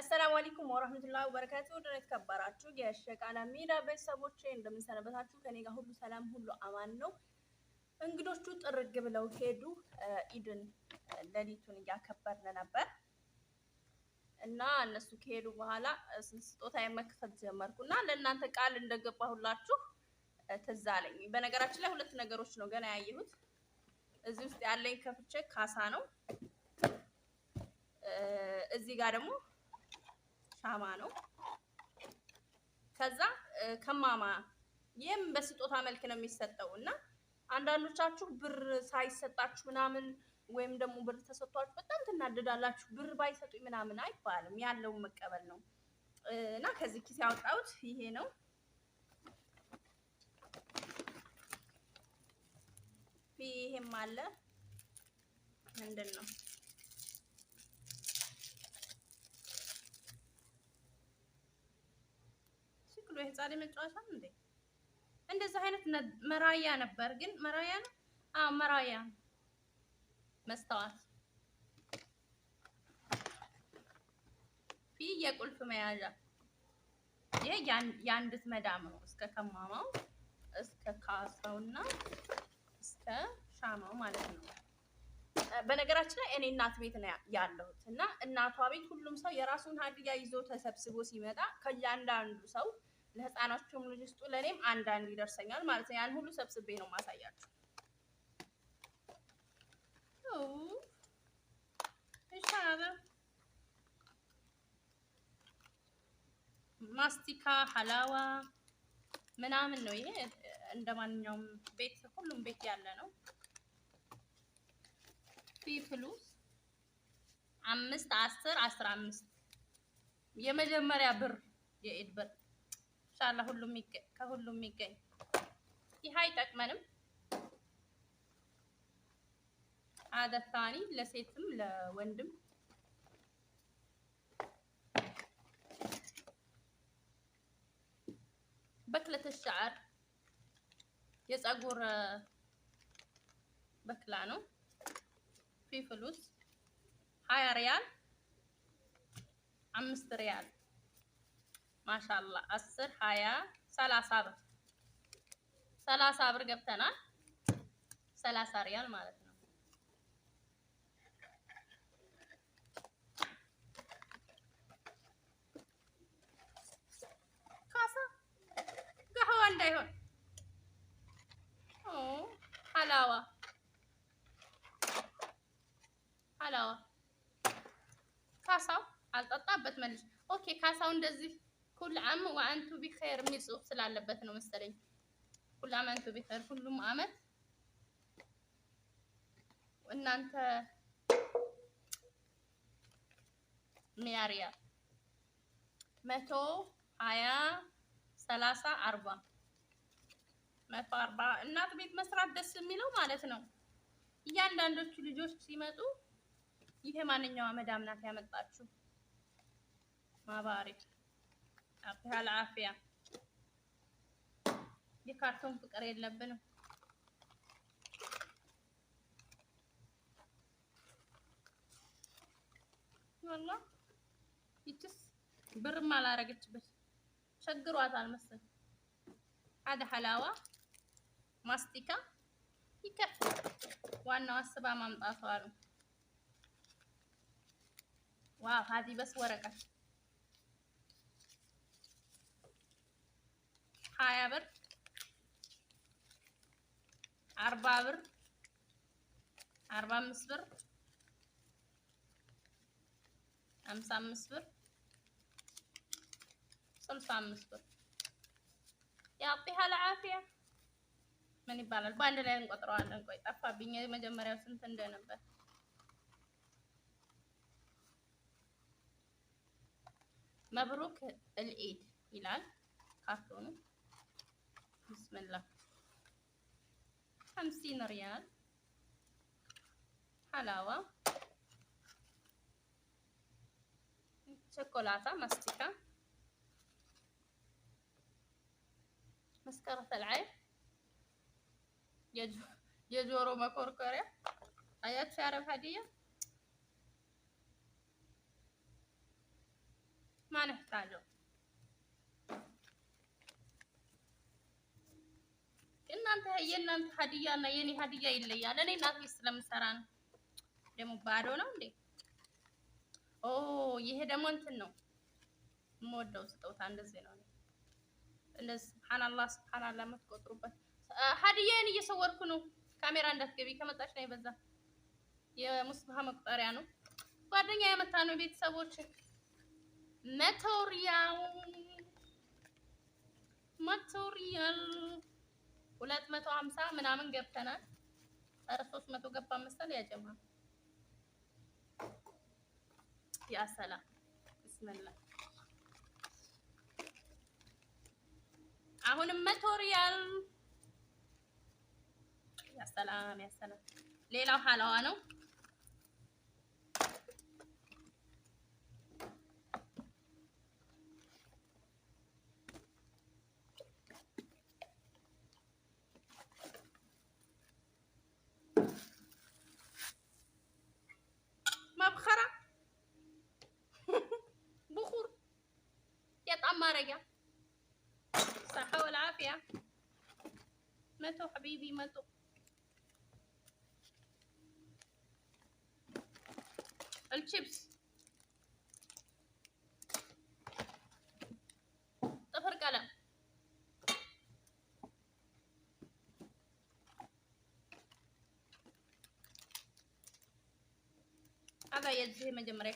አሰላሙ አለይኩም ወረህመቱላሂ ወበረካቱ። ድረስ የተከበራችሁ የሸቃላ ሜዳ ቤተሰቦቼ እንደምንሰነበታችሁ፣ ከኔ ጋር ሁሉ ሰላም፣ ሁሉ አማን ነው። እንግዶቹ ጥርግ ብለው ሄዱ። ኢድን ሌሊቱን እያከበርን ነበር እና እነሱ ከሄዱ በኋላ ስጦታ የመክፈት ጀመርኩ እና ለእናንተ ቃል እንደገባሁላችሁ ትዝ አለኝ። በነገራችን ላይ ሁለት ነገሮች ነው ገና ያየሁት እዚህ ውስጥ ያለኝ ከፍቼ ካሳ ነው። እዚህ ጋር ደግሞ ሻማ ነው። ከዛ ከማማ ይህም በስጦታ መልክ ነው የሚሰጠው እና አንዳንዶቻችሁ ብር ሳይሰጣችሁ ምናምን ወይም ደግሞ ብር ተሰጥቷችሁ በጣም ትናደዳላችሁ። ብር ባይሰጡኝ ምናምን አይባልም፣ ያለውን መቀበል ነው እና ከዚህ ኪስ ያወጣሁት ይሄ ነው። ይሄም አለ ምንድን ነው ሽክሎ የህፃን መጫወቻም እንዴ እንደዚህ አይነት መራያ ነበር፣ ግን መራያ ነው። አዎ መራያ መስተዋት ፊ የቁልፍ መያዣ ይሄ የአንዲት መዳም ነው። እስከ ከማማው እስከ ካሳውና ሻማው ማለት ነው። በነገራችን ላይ እኔ እናት ቤት ነው ያለሁት እና እናቷ ቤት ሁሉም ሰው የራሱን ሀዲያ ይዞ ተሰብስቦ ሲመጣ ከእያንዳንዱ ሰው ለህፃናቸውም ልጅ ውስጡ ለእኔም አንዳንዱ ይደርሰኛል ማለት ነው። ያን ሁሉ ሰብስቤ ነው ማሳያችሁ። ማስቲካ ሀላዋ ምናምን ነው ይሄ እንደ ማንኛውም ቤት ሁሉም ቤት ያለ ነው። ፒፕሉስ አምስት አስር አስራ አምስት የመጀመሪያ ብር የኢድ ብር ኢንሻላህ ሁሉም ይገኝ ከሁሉም ይገኝ። ይህ አይጠቅመንም። አደ ታኒ ለሴትም ለወንድም በክለተ ሻዕር የፀጉር በክላ ነው። ፊፍሉስ ሀያ ሪያል አምስት ሪያል ማሻላ አስር ሀያ ሰላሳ ብር ሰላሳ ብር ገብተናል። ሰላሳ ሪያል ማለት ነው። ካሳ እንዳይሆን ካሳው እንደዚህ ኩል ዓም ወአንቱ ቢኸይር የሚል ጽሑፍ ስላለበት ነው መሰለኝ። ኩል ዓም አንቱ ቢኸይር ሁሉም ዓመት እናንተ ሚያሪያ መቶ ሀያ ሰላሳ አርባ መቶ አርባ እናት ቤት መስራት ደስ የሚለው ማለት ነው። እያንዳንዶቹ ልጆች ሲመጡ ይሄ ማንኛውም አመዳምናት ያመጣችሁ ማባሪክ አብታ አልዓፊያ የካርቶን ፍቅር የለብንም። ወላ ይችስ ብርም አላረገችበት ቸግሯት መሰለኝ። አደ ሐላዋ ማስቲካ ይከፍል ዋናው አስባ ማምጣቷ ነው። ዋው ሀዚ በስ ወረቀት ሀያ ብር አርባ ብር አርባ አምስት ብር ሀምሳ አምስት ብር ስልሳ አምስት ብር ያጢሃ ለዓፊያ ምን ይባላል? በአንድ ላይ እንቆጥረዋለን። ቆይ ጠፋብኝ የመጀመሪያው ስንት እንደነበር መብሩክ እልኢድ ይላል ካርቶኑ። بسم الله خمسين ريال حلاوة شوكولاتة ماستيكا مسكرة العين يجور مكركرة آيات شارف هدية ما نحتاجه የእናንተ ሀዲያ እና የእኔ ሀዲያ ይለያል። እኔ እናት ቤት ስለምሰራ ነው። ደግሞ ባዶ ነው እንዴ? ኦ ይሄ ደግሞ እንትን ነው የምወደው ስጦታ። እንደዚህ ነው እንደዚህ። ስብሓንላህ ስብሓንላህ የምትቆጥሩበት ሀዲያን እየሰወርኩ ነው። ካሜራ እንዳትገቢ ከመጣች ላይ በዛ የሙስሊሃ መቁጠሪያ ነው። ጓደኛ የመታ ነው። ቤተሰቦች መቶ ሪያል መቶ ሁለት መቶ ሀምሳ ምናምን ገብተናል። ኧረ ሦስት መቶ ገባ መሰል ያጀማ ያሰላ ብስምላ አሁንም መቶ ሪያል ያ ሌላው ሀላዋ ነው። مباركة صحة والعافية متو حبيبي متو الشيبس طفر قلم هذا يد زي ما جمريك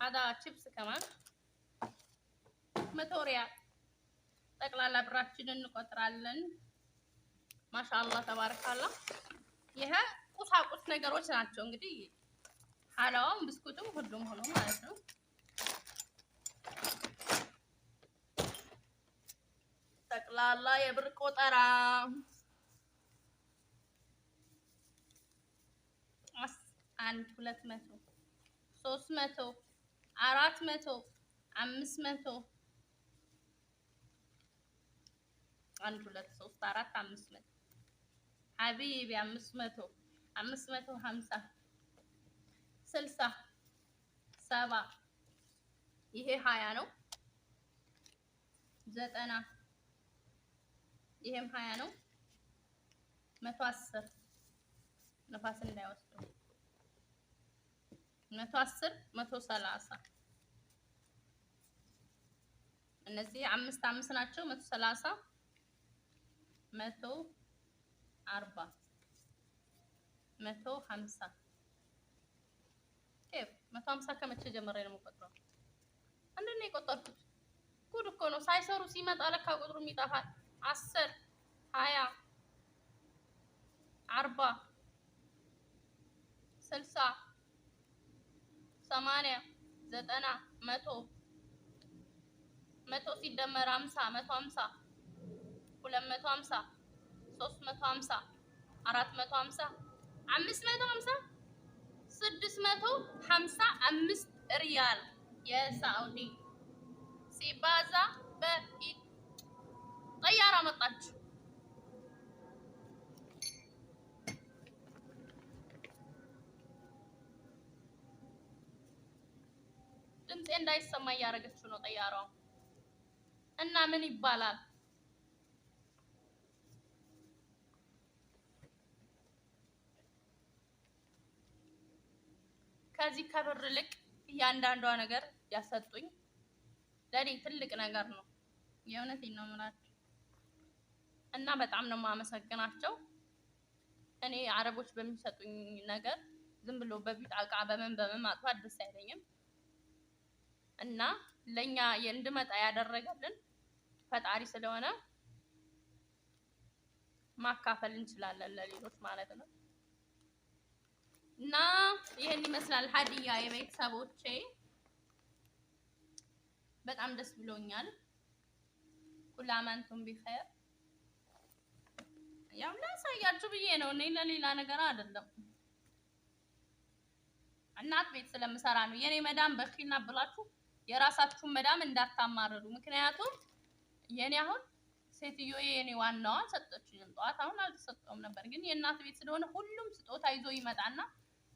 هذا شيبس كمان መቶሪያ ጠቅላላ ብራችንን እንቆጥራለን። ማሻአላ ተባረካላ። ይሄ ቁሳቁስ ነገሮች ናቸው እንግዲህ ሀላዋም ብስኩትም ሁሉም ሆኖ ማለት ነው። ጠቅላላ የብር ቆጠራ አንድ ሁለት መቶ ሶስት መቶ አራት መቶ አምስት መቶ አንድ ሁለት ሶስት አራት አምስት መቶ ሀቢቢ አምስት መቶ አምስት መቶ ሀምሳ ስልሳ ሰባ ይሄ ሀያ ነው። ዘጠና ይሄም ሀያ ነው። መቶ አስር ነፋስ እንዳይወስዱ መቶ አስር መቶ ሰላሳ እነዚህ አምስት አምስት ናቸው። መቶ ሰላሳ መቶ አርባ መቶ ሀምሳ ኬፍ መቶ ሀምሳ ከመቼ ጀመረ ነው የምቆጥረው? አንደኛ የቆጠርኩት ጉድ እኮ ነው። ሳይሰሩ ሲመጣ ለካ ቁጥሩም ይጠፋል። አስር ሀያ አርባ ስልሳ ሰማንያ ዘጠና መቶ መቶ ሲደመር ሀምሳ መቶ ሀምሳ ሁለት መቶ ሀምሳ ሶስት መቶ ሀምሳ አራት መቶ ሀምሳ አምስት መቶ ሀምሳ ስድስት መቶ ሀምሳ አምስት ሪያል የሳዑዲ ሲባዛ በኢድ ጠያራ መጣችሁ። ድምፄ እንዳይሰማ እያደረገችው ነው ጠያራው እና ምን ይባላል? ከዚህ ከብር ልቅ እያንዳንዷ ነገር ያሰጡኝ ለእኔ ትልቅ ነገር ነው። የእውነቴን ነው የምላችሁ እና በጣም ነው የማመሰግናቸው። እኔ አረቦች በሚሰጡኝ ነገር ዝም ብሎ በቢት አቃ በምን በምን ማጥፋት ደስ አይለኝም እና ለእኛ እንድመጣ ያደረገልን ፈጣሪ ስለሆነ ማካፈል እንችላለን ለሌሎች ማለት ነው። እና ይሄን ይመስላል ሀዲያ የቤተሰቦቼ በጣም ደስ ብሎኛል። ኩላማንቱም ቢኸይር ያው ላሳያችሁ ብዬ ነው እኔ ለሌላ ነገር አይደለም። እናት ቤት ስለምሰራ ነው። የኔ መዳም በኪና ብላችሁ የራሳችሁን መዳም እንዳታማረሩ። ምክንያቱም የኔ አሁን ሴትዮ የኔ ዋናዋን ሰጠችኝም ጠዋት፣ አሁን አልተሰጠውም ነበር ግን የእናት ቤት ስለሆነ ሁሉም ስጦታ ይዞ ይመጣና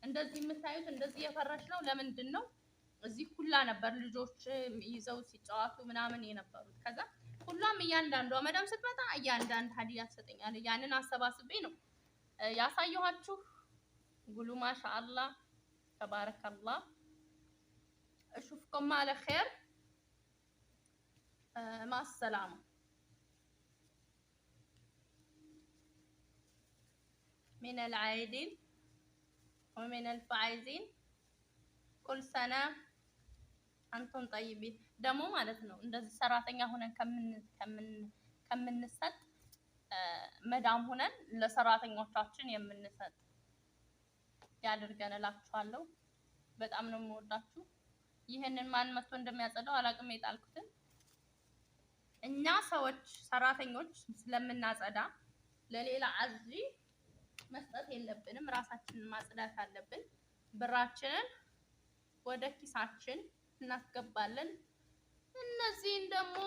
እንደዚህ የምታዩት እንደዚህ የፈረሽ ነው። ለምንድን ነው እዚህ ሁላ ነበር ልጆች ይዘው ሲጫወቱ ምናምን የነበሩት። ከዛ ሁሏም እያንዳንዷ መዳም ስትመጣ እያንዳንድ ሀዲያ ትሰጠኛለች። ያንን አሰባስቤ ነው ያሳየኋችሁ። ጉሉ ማሻአላ ተባረከላ እሹፍኩም አለ ኸይር ማሰላሙ ሚነል አይዲን ወሚን አልፋይዚን ቁል ሰላም አንቱም ጠይቢን ደግሞ ማለት ነው። እንደዚህ ሰራተኛ ሆነን ከምንሰጥ መዳም ሆነን ለሰራተኞቻችን የምንሰጥ ያድርገን እላችኋለሁ። በጣም ነው የምወዳችሁ። ይህንን ማን መቶ እንደሚያጸዳው አላቅም። የጣልኩትን እኛ ሰዎች ሰራተኞች ስለምናጸዳ ለሌላ አዚ መስጠት የለብንም። ራሳችንን ማጽዳት አለብን። ብራችንን ወደ ኪሳችን እናስገባለን። እነዚህን ደግሞ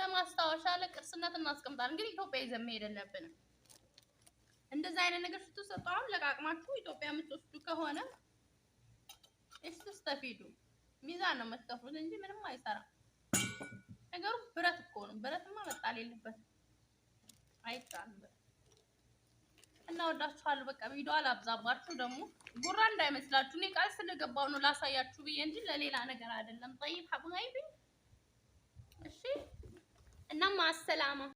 ለማስታወሻ ለቅርስነት እናስቀምጣለን። እንግዲህ ኢትዮጵያ ይዘን መሄድ የለብንም። እንደዚህ አይነት ነገር ስትሰጡ አሁን ለቃቅማችሁ ኢትዮጵያ የምትወስዱ ከሆነ ስትስተፊዱ ሚዛን ነው የምትከፍሉት እንጂ ምንም አይሰራም። ነገሩ ብረት እኮ ነው። ብረትማ መጣል የለበትም አይጣልም። እና ወዳችኋል። በቃ ቪዲዮ አላብዛባችሁ። ደግሞ ጉራ እንዳይመስላችሁ እኔ ቃል ስለገባው ነው ላሳያችሁ ብዬ እንጂ ለሌላ ነገር አይደለም። ጠይብ ሀቡሀይቢ እሺ። እናም አሰላማ